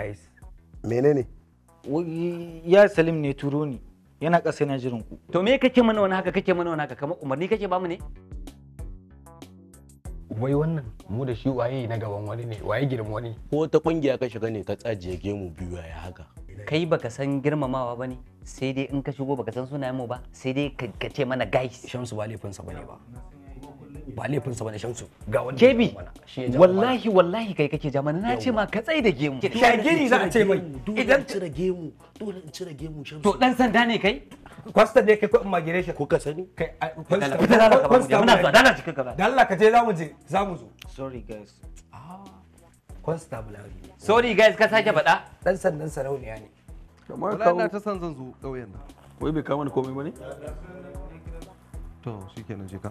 guys menene ya salim ne turo ni yana ƙasa yana jirin ku to me kake mana wani haka kake mana wani haka kamar umarni kake ba mu ne wai wannan mu da shi waye na gaban wani ne waye girma wani ko ta kungiya ka shiga ne ka tsajiye gemu biyu ya haka kai baka san girmamawa bane sai dai in ka shigo baka san sunayen mu ba sai dai ka ce mana guys shamsu ba laifinsa bane ba ba laifin sa bane shan su ga wani kebi wallahi wallahi kai kake ja na ce ma ka tsai da gemu shagiri za a ce mai idan cire gemu dole in cire gemu shan su to dan sanda ne kai kwasta ne kai ko immigration ko ka sani kai kwasta muna zuwa dala cikin da Allah ka je zamu je zamu zo sorry guys ah kwasta bulari sorry guys ka sake faɗa dan sandan sarauniya ne kamar kawo ina ta san zan zo kauyen nan wai bai kama ni komai bane to shikenan je ka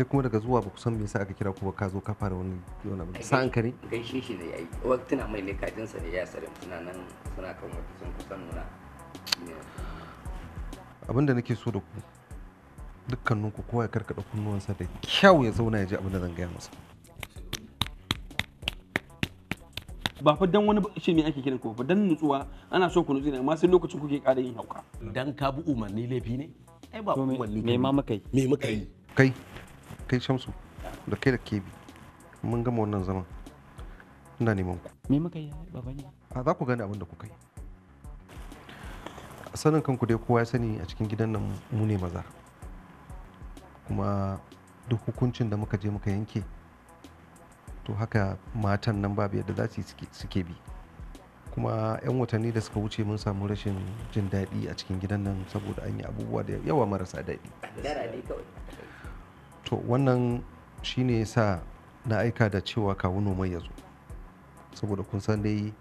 kai kuma daga zuwa ba ku san me yasa aka kira kuma ba ka zo ka fara wani yona abu sa'an ka ne gaishe shi ne yayi wata mai ne kajin sa ne ya sare suna nan suna kan wata sun kusan nuna abinda nake so da ku dukkanin ku kowa ya karkada kunnuwansa da kyau ya zauna ya ji abin da zan gaya masa ba fa dan wani shi me ake kiran ku fa dan nutsuwa ana so ku nutsu ne amma sai lokacin kuke ƙara yin hauka dan ka bi umarni laifi ne ai ba umarni me ma muka yi me kai kai shamsu da kai da kebi mun gama wannan zaman ina neman ku me muka yi baba ne a za ku gane abin da kuka yi sanin kanku dai kowa ya sani a cikin gidan nan mu ne maza kuma duk hukuncin da muka je muka yanke to haka matan nan babu yadda za su suke bi kuma 'yan watanni da suka wuce mun samu rashin jin daɗi a cikin gidan nan saboda an yi abubuwa da yawa marasa daɗi to wannan shine ya sa na aika da cewa kawu noma ya zo saboda kun san dai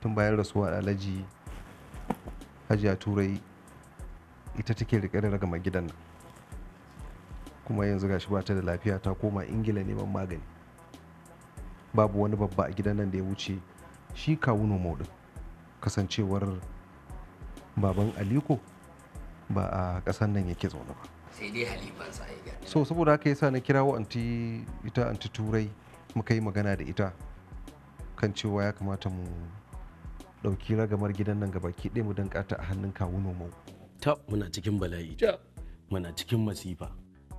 tun bayan rasuwa alaji hajiya turai ita take riƙe da ragama gidan nan kuma yanzu shi ba ta da lafiya ta koma ingila neman magani babu wani babba a gidan nan da ya wuce shi kawu noma din kasancewar baban aliko ba a ƙasar nan yake zaune ba sai dai sa ya gani so saboda haka yasa na kirawo anti ita anti turai muka yi magana da ita kan cewa ya kamata mu ɗauki ragamar gidan nan gabaki ɗaya mu ta a hannun kawuno mu tab muna cikin bala'i muna cikin masifa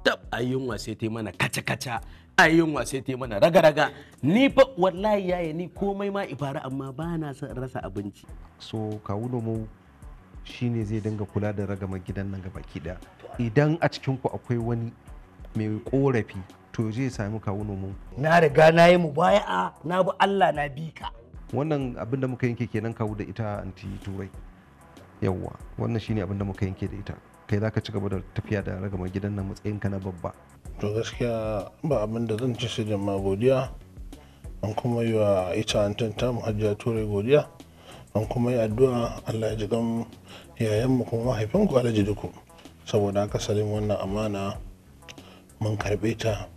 tab ayyun wasai ta mana kaca-kaca ayyun wasai ta mana raga-raga ni fa wallahi yaya ni komai ma ifara amma ba na rasa abinci so kawuno mu shine zai dinga kula da ragama gidan nan ga baki daya idan a cikin ku akwai wani mai korafi to zai sami kawo nomin na riga na yi mu baya na bi Allah na bi ka wannan abin da muka yanke kenan kawo da ita anti turai yawwa wannan shine abin da muka yanke da ita kai zaka ci gaba da tafiya da ragama gidan nan matsayinka na babba to gaskiya ba abin da zan ci sai da ma godiya an kuma yi wa ita antanta mu hajjiya turai godiya an kuma yi addu'a Allah ya ji gan yayan mu kuma mahaifinku alaji duku saboda haka salim wannan amana mun karbe ta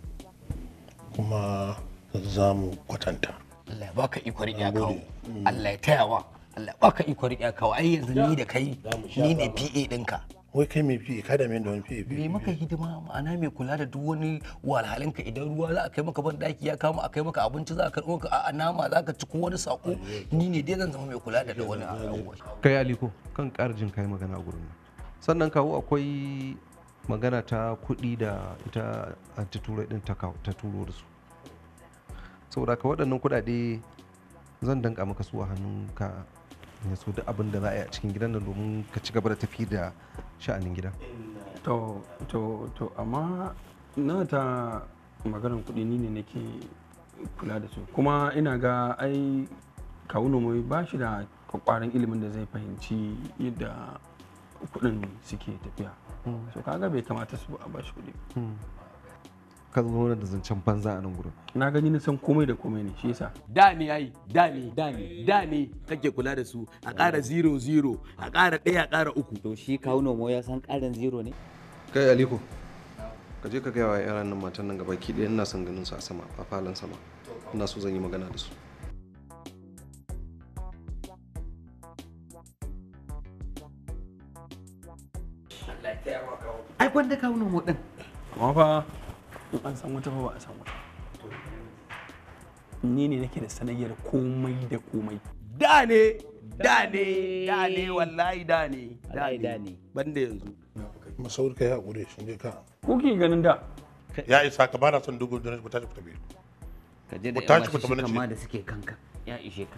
kuma za mu kwatanta Allah ya baka ikon kawo Allah ya tayawa Allah ya baka ikon riƙe kawo ai yanzu ni da kai ni ne PA ɗinka wai kai mai fi ka da da wani fi me maka hidima ma'ana mai kula da duk wani walhalin ka idan ruwa za a kai maka ban daki ya kama a kai maka abinci za a karɓo ka a nama za ka ci ko wani sako ni ne dai zan zama mai kula da wani kai aliko kan karjin kai magana gurin nan sannan kawo akwai magana ta kuɗi da ita anti turai din ta turo da su saboda ka waɗannan kuɗaɗe zan danka maka su a ka ya so duk abin da za a yi a cikin gidan nan domin ka ci gaba da tafi da sha'anin gida to to to amma na ta maganar kuɗi ni ne nake kula da su kuma ina ga ai kawuno mai ba shi da kwakwaran ilimin da zai fahimci yadda kuɗin suke tafiya hmm. so kaga bai kamata su a bashi kuɗi hmm. kan zo da zancen banza a nan gurin na gani na san komai da komai ne shi yasa da ne, yayi da ne, da ne, da ne. kake kula da su a ƙara 0-0 a ƙara 1 a ƙara 3 to shi kawuno mo ya san ƙarin 0 ne kai aliko ka je ka gaya wa yaran nan matan nan gaba ki ɗaya ina son ganin su a sama a falon sama ina so zan yi magana da su ai gwanda kawunan mu din amma fa in an san wata ba a san wata ni ne nake da sanayyar komai da komai da ne da ne da ne wallahi da ne da ne banda yanzu masaur ya hakuri shi ne ka kuke ganin da ya isa ka bana son dubu da ku tashi ku tafi ka je da yan masu kama da suke kanka ya ishe ka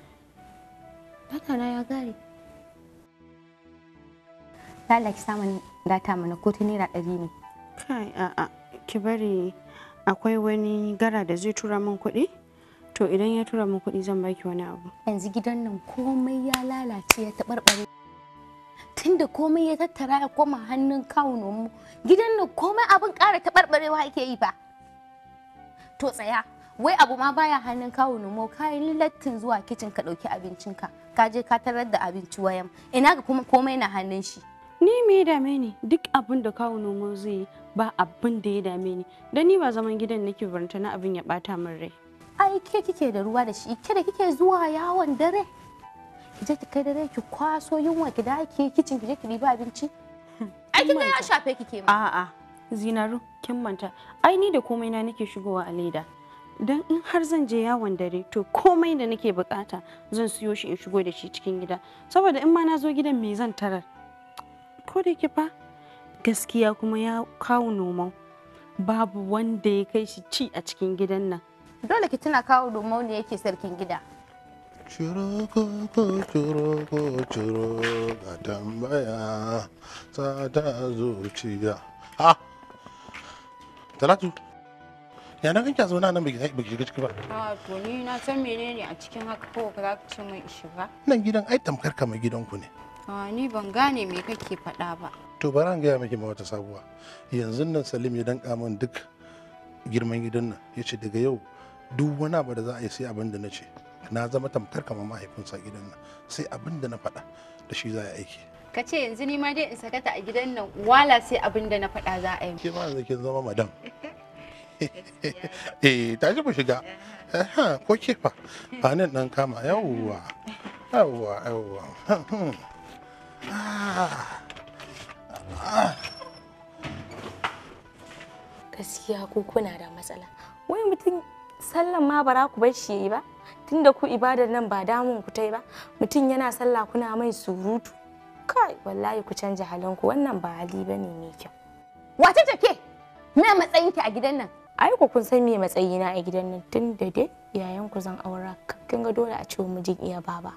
baka na ya gare ki samun data mana ko naira ɗari ne kai a ki bari akwai wani gara da zai tura min kuɗi to idan ya tura min kuɗi zan baki wani abu yanzu gidan nan komai ya lalace ya taɓarɓare tunda komai ya tattara ya koma hannun kawunan mu gidan nan komai abin ƙara taɓarɓarewa yake yi fa to tsaya wai abu ma baya hannun kawo numo ka yi lattin zuwa kicin ka ɗauki abincinka ka je ka tarar da abinci wayan ina ga kuma komai na hannun shi ni me ya dame ni duk abin da kawo numo zai yi ba abin da ya dame ni Don ni ba zaman gidan nake baranta na abin ya bata min rai ai ke kike da ruwa da shi ke da kike zuwa yawon dare ki je ki kai dare ki kwaso yunwa ki da ke kicin ki je ki riba abinci ai kin ya shafe kike ma a'a zinaru kin manta ai ni da komai na nake shigowa a leda don in har zan je yawon dare to komai da nake bukata zan siyo shi in shigo da shi cikin gida saboda in ma na zo gidan me zan tarar ko da ke fa gaskiya kuma ya kawo nomo babu wanda ya kai shi ci a cikin gidan nan dole ki tuna kawo nomo ne yake sarkin gida Chiroko, tambaya, zuciya. Ha! Ah! Talatu! ya na ganki a zaune nan bai shiga ciki ba a to ni na san menene a cikin haka ko ka za ka ce min shiga nan gidan ai tamkar kamar gidanku ne a ni ban gane me kake faɗa ba to bara ga gaya miki ma wata sabuwa yanzu nan Salim ya danka min duk girman gidan nan ya ce daga yau duk wani abu da za a yi sai abin da na ce na zama tamkar kamar mahaifinsa gidan nan sai abin da na faɗa da shi za a aiki ka ce yanzu ni ma dai in sakata a gidan nan wala sai abin da na faɗa za a yi ke ma yanzu kin zama madam eh ta ji mu shiga ko kefa ba nan dan kama yawwa yawwa yawwa gaskiya ku kuna da matsala wai mutum sallan ma bara ku bar shi ba tunda ku ibadar nan ba damun ku tai ba mutum yana sallah kuna mai surutu kai wallahi ku canja halinku wannan ba hali bane mai kyau wace take me matsayinki a gidan nan ai ku kun san me matsayina a gidan nan tun da dai yayan ku zan aura kin ga dole a ce mijin iya baba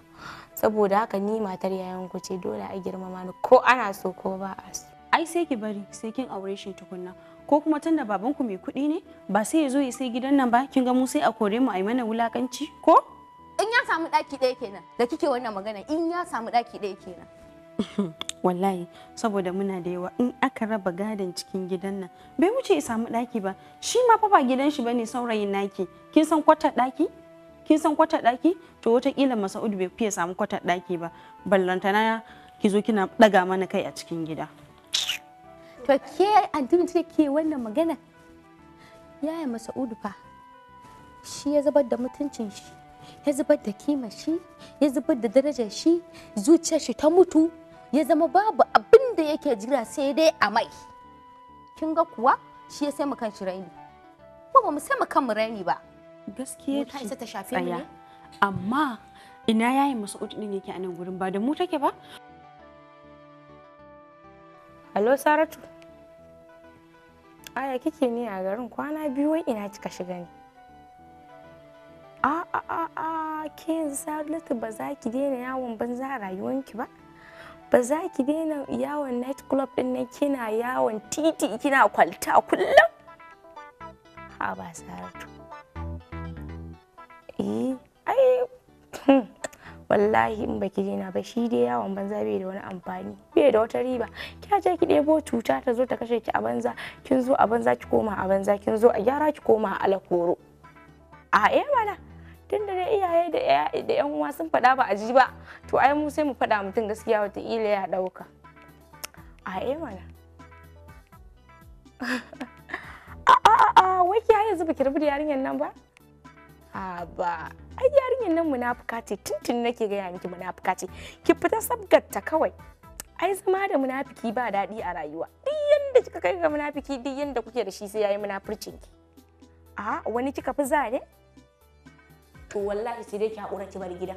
saboda haka ni matar yayan ku ce dole a girmama ni ko ana so ko ba a so ai sai ki bari sai kin aure shi tukunna ko kuma tunda da babanku mai kuɗi ne ba sai ya zo ya sai gidan nan ba kin ga mu sai a kore mu a yi mana wulakanci ko in ya samu daki ɗaya kenan da kike wannan magana in ya samu daki ɗaya kenan wallahi saboda muna da yawa in aka raba gadon cikin gidan nan bai wuce ya samu daki ba shi ma fa ba gidan shi bane saurayin naki kin san kwatar daki kin san kwatar daki to watakila masa'udu bai fiye samu kwatar daki ba ballantana ki zo kina daga mana kai a cikin gida to ke addini ce ke wannan magana yaya masa'udu fa shi ya zubar da mutuncin shi ya zubar da kima shi ya zubar da darajar shi zuciyar shi ta mutu ya zama babu abin da yake jira sai dai a mai kin ga kuwa shi ya sai mu kan shi raini ko ba mu sai mu kan mu raini ba gaskiya ta isa ta shafe mu amma ina yayin Mas'ud din yake a nan gurin ba da mu take ba Allo Saratu Aya kike ni a garin kwana biyu wai ina kika shiga ni? A a a a kin Saratu ba za ki daina yawon banza a rayuwanki ba ba za ki daina yawon night club din nan kina yawon titi kina kwalta kullum ha ba saratu eh ai hmm, wallahi in baki daina ba shi dai yawon banza bai da wani amfani bai da wata riba kya je ki ɗebo cuta ta zo ta kashe ki a banza kin zo a banza ki koma a banza kin zo a gyara ki koma a alakoro a eh mana tun da iyaye da yan uwa sun faɗa ba a ji ba to ai mu sai mu faɗa mutum gaskiya wata ila ya ɗauka a yi eh mana a wai ki haye zuba kirbi da yarinyar nan ba a ba ai yarinyar nan munafuka ce tuntun nake gaya miki munafuka ce ki fita sabgarta kawai ai zama da munafiki ba daɗi a rayuwa duk yanda kika kai ga munafiki duk yanda kuke da shi sai yayi munafurcin ki a wani kika fi za ne to wallahi sai dai ki haƙura ki bar gida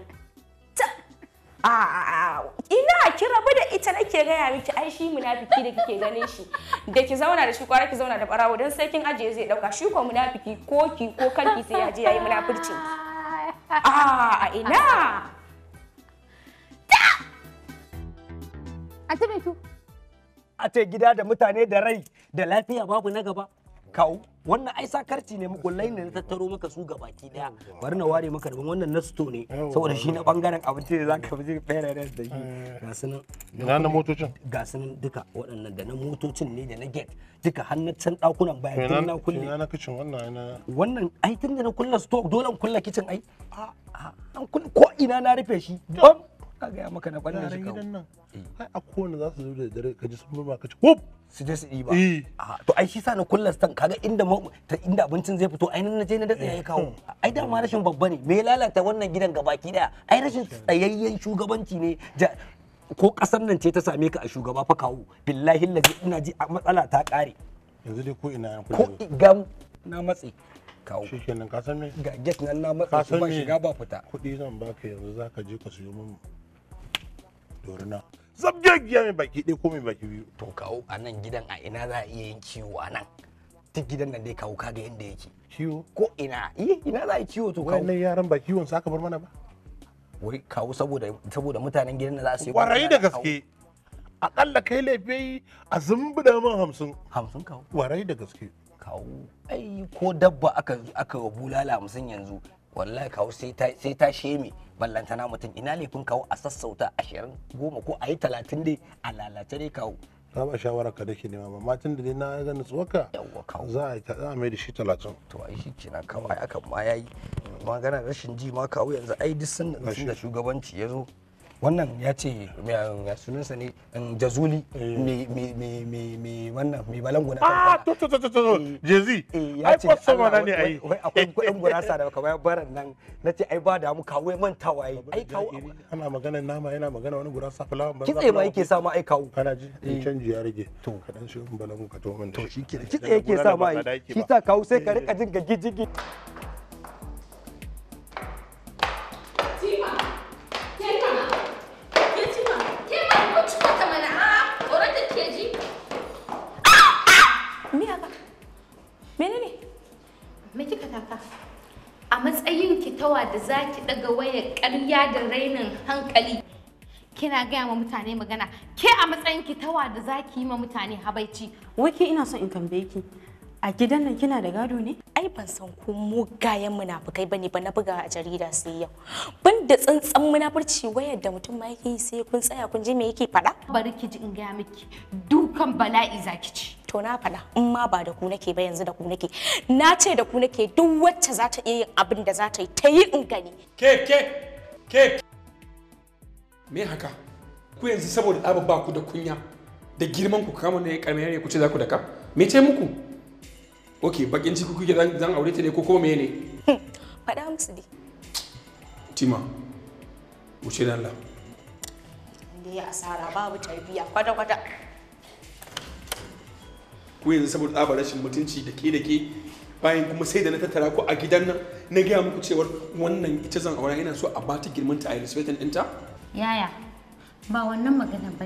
ina ki rabu da ita nake gaya miki ai shi munafiki da kike ganin shi da ki zauna da shi kwara ki zauna da barawo don sai kin ajiye zai dauka shi ko munafiki ko ki ko kanki sai ya je yayi munafurci a ina a ta a ce gida da mutane da rai da lafiya babu na gaba Kau. wannan ai sakarci ne mukullai ne na tattaro maka su gabaki daya bari na ware maka daban wannan na sto ne saboda shi na bangaren abinci ne zaka fi fere da shi eh. ga sunan na na motocin ga sunan duka waɗannan da na motocin ne da na gate duka hannun can dakunan bayan tun na kulle na kicin wannan na wannan ai tun da na kulle sto dole in kulle kicin ai an ko ina na rufe shi bam a gaya maka na ɓannan shi gidan nan eh. ai a kowane za su zo da dare ka ji sun murma ka ci hop su je su ɗiba eh. to ai shi sa na kullar stan kaga inda inda abincin zai fito ai na je na datsa ya kawo eh. ai dama rashin babba ne me lalata wannan gidan gabaki daya ai rashin tsayayyen shugabanci ne ko kasar nan ce ta same ka a shugaba fa kawo billahi lazi ina ji matsala ta kare yanzu dai ko ina ko gam na matse kawo shi ka san me ga nan na shiga ba fita kuɗi zan baka yanzu zaka je ka siyo min dorina zabgaggiya mai baki ɗaya ko mai baki biyu to kawo a nan gidan a ina za a iya yin kiwo a nan ta gidan nan dai kawo kaga yadda yake kiwo ko ina iya eh, ina za a yi kiwo to kawo wannan yaran ba kiwon aka bar mana ba wai kawo saboda saboda mutanen gidan nan za su yi warai da gaske akalla kai laifi a zumbida man hamsin hamsin kawo warai da gaske kawo ai ko dabba aka aka bulala hamsin yanzu wallahi kawo sai ta sheme ballantana mutum ina ne kun kawo a sassauta ashirin goma ko a yi talatin dai a lalace dai kawo na ba shawara ka dake nema ba matan da dai na ga nutsuwarka za a za a mai da shi talatin to ai shi kina kawai akan ma yayi magana rashin ji ma kawo yanzu ai duk sun da shugabanci ya zo wannan ya ce sunansa ne jazuli eh. mai wannan mai balango na ah, kamfana. to to to to eh, jezi eh, ya ce sama na ne ai wai akwai kuɗin gurasa da baka bayar baran nan na ce ai ba da mu kawo mantawa ai ai kawo ana maganar nama yana magana wani gurasa fulawa ba kitse ma yake sa ma ai kawo kana ji canji ya rage to ka dan shi balango ka to man to shi kitse yake sa ma ai shi ta kawo sai ka rika jin gagijigi ƙarya da rainin hankali kina gaya ma mutane magana ke a matsayin ki tawa da za ki yi ma mutane habaici wake ina son in tambaye ki a gidan nan kina da gado ne ai ban san ko mugayen munafukai bane ba na buga a jarida sai yau ban da tsantsan munafurci wayar da mutum ma yake yi sai kun tsaya kun je me yake faɗa bari ki ji in gaya miki dukan bala'i zaki ci to na faɗa in ma ba da ku nake ba yanzu da ku nake na ce da ku nake duk wacce za ta iya yin abin da za ta yi ta yi in gani ke ke Kek. me haka ku yanzu saboda tsaba ba ku da kunya da girman ku kama ne karmi yare ku ce za ku da ka me ce muku ok bakin ciki kuke zan aure ta ne ko kuma me ne hmm, faɗa musu dai tima wuce da Allah da ya asara babu tarbiya kwata kwata ku yanzu saboda tsaba rashin mutunci da ke da ke bayan kuma sai da na tattara ko a gidan nan na gaya muku cewa wannan ita zan aura ina so a bata ta a yi din ɗinta? Yaya, ba wannan magana ba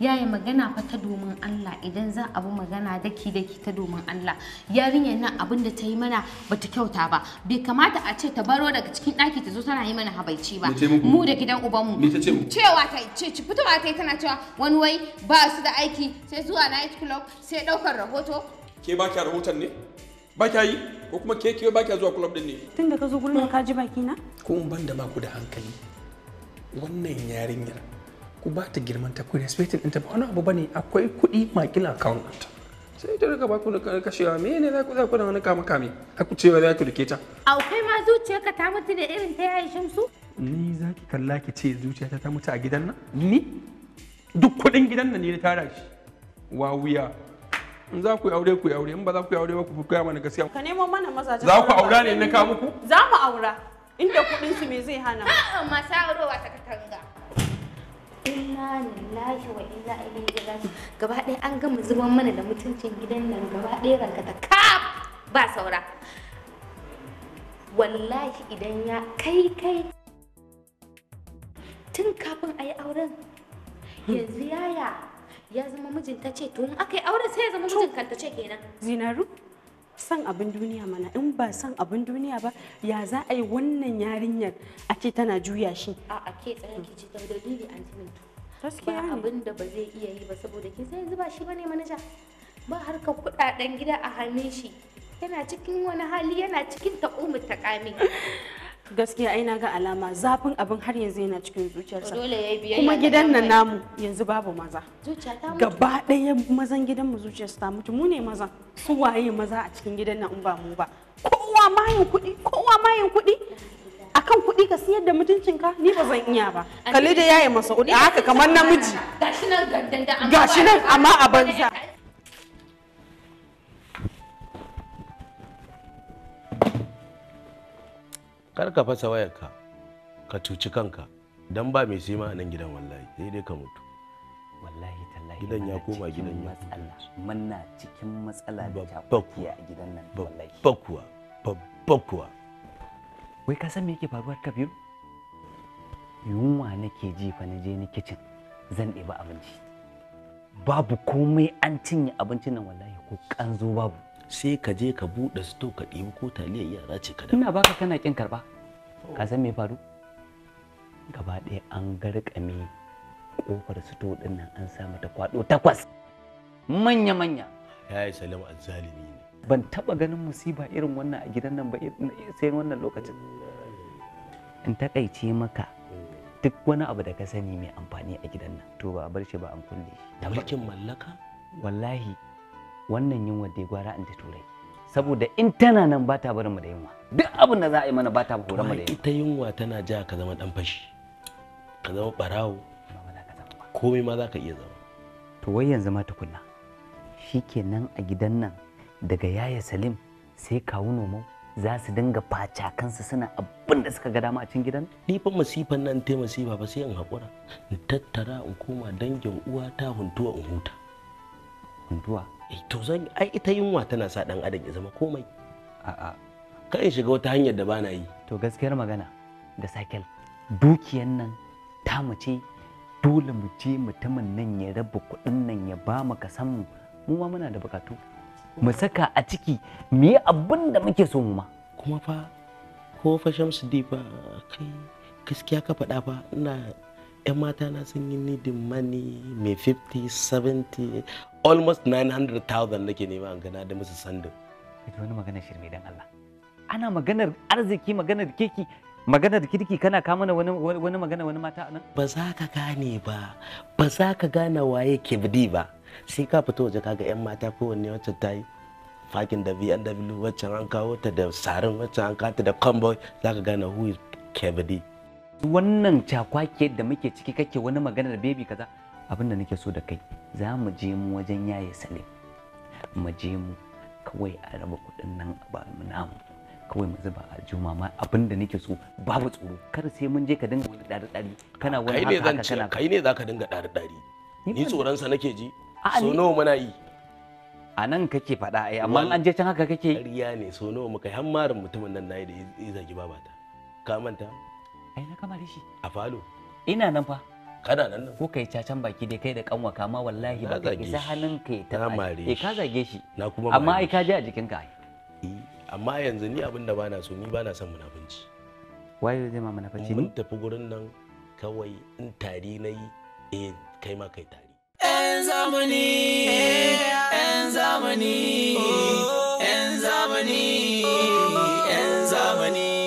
Yaya magana fa ta domin Allah idan za a bi magana daki daki ta domin Allah. Yarinyar nan abin da ta yi mana ba ta kyauta ba. Bai kamata a ce ta baro daga cikin ɗaki ta zo tana yi mana habaici ba. Mu da gidan ubanmu. mu? Cewa ta ce ci fitowa ta yi tana cewa wani wai ba su da aiki sai zuwa night club sai ɗaukar rahoto. Ke ba ki rahoton ne? ba yi ko kuma ke ke ba zuwa club din ne tun da ka zo gurin ka ji baki na ko in ban da ba ku da hankali wannan yarinyar ku ba ta girman ta ku respect din ta ba wani abu bane akwai kuɗi makin account ta sai ta riga ba ku da kashewa me ne za ku za ku da wani kama kame har ku cewa za ku dake ta akwai ma zuciyarka ta mutu da irin ta yayi shamsu ni za ki kalla ki ce zuciyata ta mutu a gidan nan ni duk kuɗin gidan nan ne na tara shi wa wuya in za ku yi aure ku yi aure in ba za ku yi aure ba ku koya mana gaskiya ka nemo mana mazajen za ku aura ne na ka muku za mu aura inda kuɗin su me zai hana a'a masu aurewa ta katanga inna lillahi wa inna ilaihi raji'un gaba ɗaya an gama zuban mana da mutuncin gidan nan gaba ɗaya rankata kaf ba saura wallahi idan ya kai kai tun kafin a yi auren hmm. yanzu yaya ya zama mijinta ce to in aka yi aure sai ya zama mijin kanta ce kenan zinaru san abin duniya mana in ba san abin duniya ba ya za a yi wannan yarinyar a ce tana juya shi a a ke tsaye ki ce da dalili an gaskiya ba abin da ba zai iya yi ba saboda ke sai zuba shi bane manaja ba harkar kudaden gida a hannun shi yana cikin wani hali yana cikin ta'umu ta kame gaskiya ai na ga alama zafin abin har yanzu yana cikin zuciyarsa kuma gidan nan namu yanzu babu maza gaba ɗaya mazan gidan mu zuciyarsa ta mutu mu ne maza su waye maza a cikin gidan nan in ba mu ba kowa mayin kuɗi kowa mayin kuɗi akan kuɗi ka siyar da mutuncinka ni ba zan iya ba kalli da yayi masa a haka kamar namiji gashi nan amma a banza kar ka fasa wayarka ka cuci kanka dan ba mai sima a nan gidan wallahi sai dai ka mutu wallahi tallahi gidan ya koma gidan ya matsala muna cikin matsala da jafafiya a gidan nan wallahi babba babba kuwa wai ka san me yake faruwa kabiru yunwa nake ji fa na je ni kitchen zan ɗebi abinci babu komai an cinye abincin nan wallahi ko kanzo babu sai ka je ka buɗe sto ka ɗebi ko taliyar yara ce ka da ina baka kana kin karba oh. ka san me faru gaba ɗaya an garkame kofar sto ɗin nan an sa mata kwado takwas manya manya ya yi salamu azzalimi ne ban taba ganin musiba irin wannan a gidan nan ba sai wannan lokacin in takaice maka duk wani abu da ka sani mai amfani a gidan nan to ba bar shi ba an kulle shi mulkin mallaka wallahi wannan yunwa da gwara in ta turai saboda in tana nan ba ta barin mu da yunwa duk abin da za a yi mana ba ta horon mu da yunwa ita yunwa tana ja ka zama dan fashi ka zama barawo komai ma za ka iya zama to wai yanzu ma tukunna shikenan a gidan nan daga yaya salim sai kawu nomo za su dinga faca kansu suna abin da suka ga dama a cikin gidan ni fa masifan nan te masifa ba sai in haƙura in tattara in koma dangin uwa ta huntuwa in huta huntuwa Eh, to zan ai ita yunwa tana sa dan adam ya zama komai a'a kan shiga wata hanyar da bana yi to gaskiyar magana da sakel dukiyar nan ta mu ce dole mu je mutumin nan ya raba kuɗin nan ya ba mu ka san mu mu ma muna da bukatu mu saka a ciki mu yi abin da muke so mu ma kuma fa ko fa shamsu fa kai gaskiya ka faɗa fa ina 'yan mata na sun yi nidin mani mai 50 70 almost 900,000 nake nema an gana da musu sandin ita wani magana shirme don Allah ana maganar arziki maganar keki magana da kirki kana kama na wani wani magana wani mata nan ba za ka gane ba ba za ka gane waye ke bidi ba sai ka fito waje kaga 'yan mata kowanne wacce ta yi fakin da BMW wacce an kawo ta da sarin wacce an kawo ta da convoy za ka gane who is kibdi wannan cakwakiyar da muke ciki kake wani magana da baby kaza abin da nake so da kai za mu je mu wajen yaye salim mu je mu kawai a raba kuɗin nan ba mu namu kawai mu zuba a juma ma abin da nake so babu tsoro kar sai mun je ka dinga wani ɗari ɗari kana wani haka haka kana kai ne zaka dinga ɗari ɗari ni tsoronsa sa nake ji so nawa muna yi a nan kake faɗa ai amma an je can haka kake riya ne so nawa muka yi har marin mutumin nan nayi da ya zagi babata ka manta ai na kamar shi a falo ina nan fa kana nan nan ko kai cacan baki dai kai da kanwa kama wallahi ba kai isa hannun kai ta mare eh ka zage shi na kuma amma ai ka ji a jikin ka eh, amma yanzu ni abin da bana so ni bana son munafunci waye zai ma munafunci mun tafi gurin nan kawai in tari nayi eh kai ma kai tari En zamani en zamani en zamani en zamani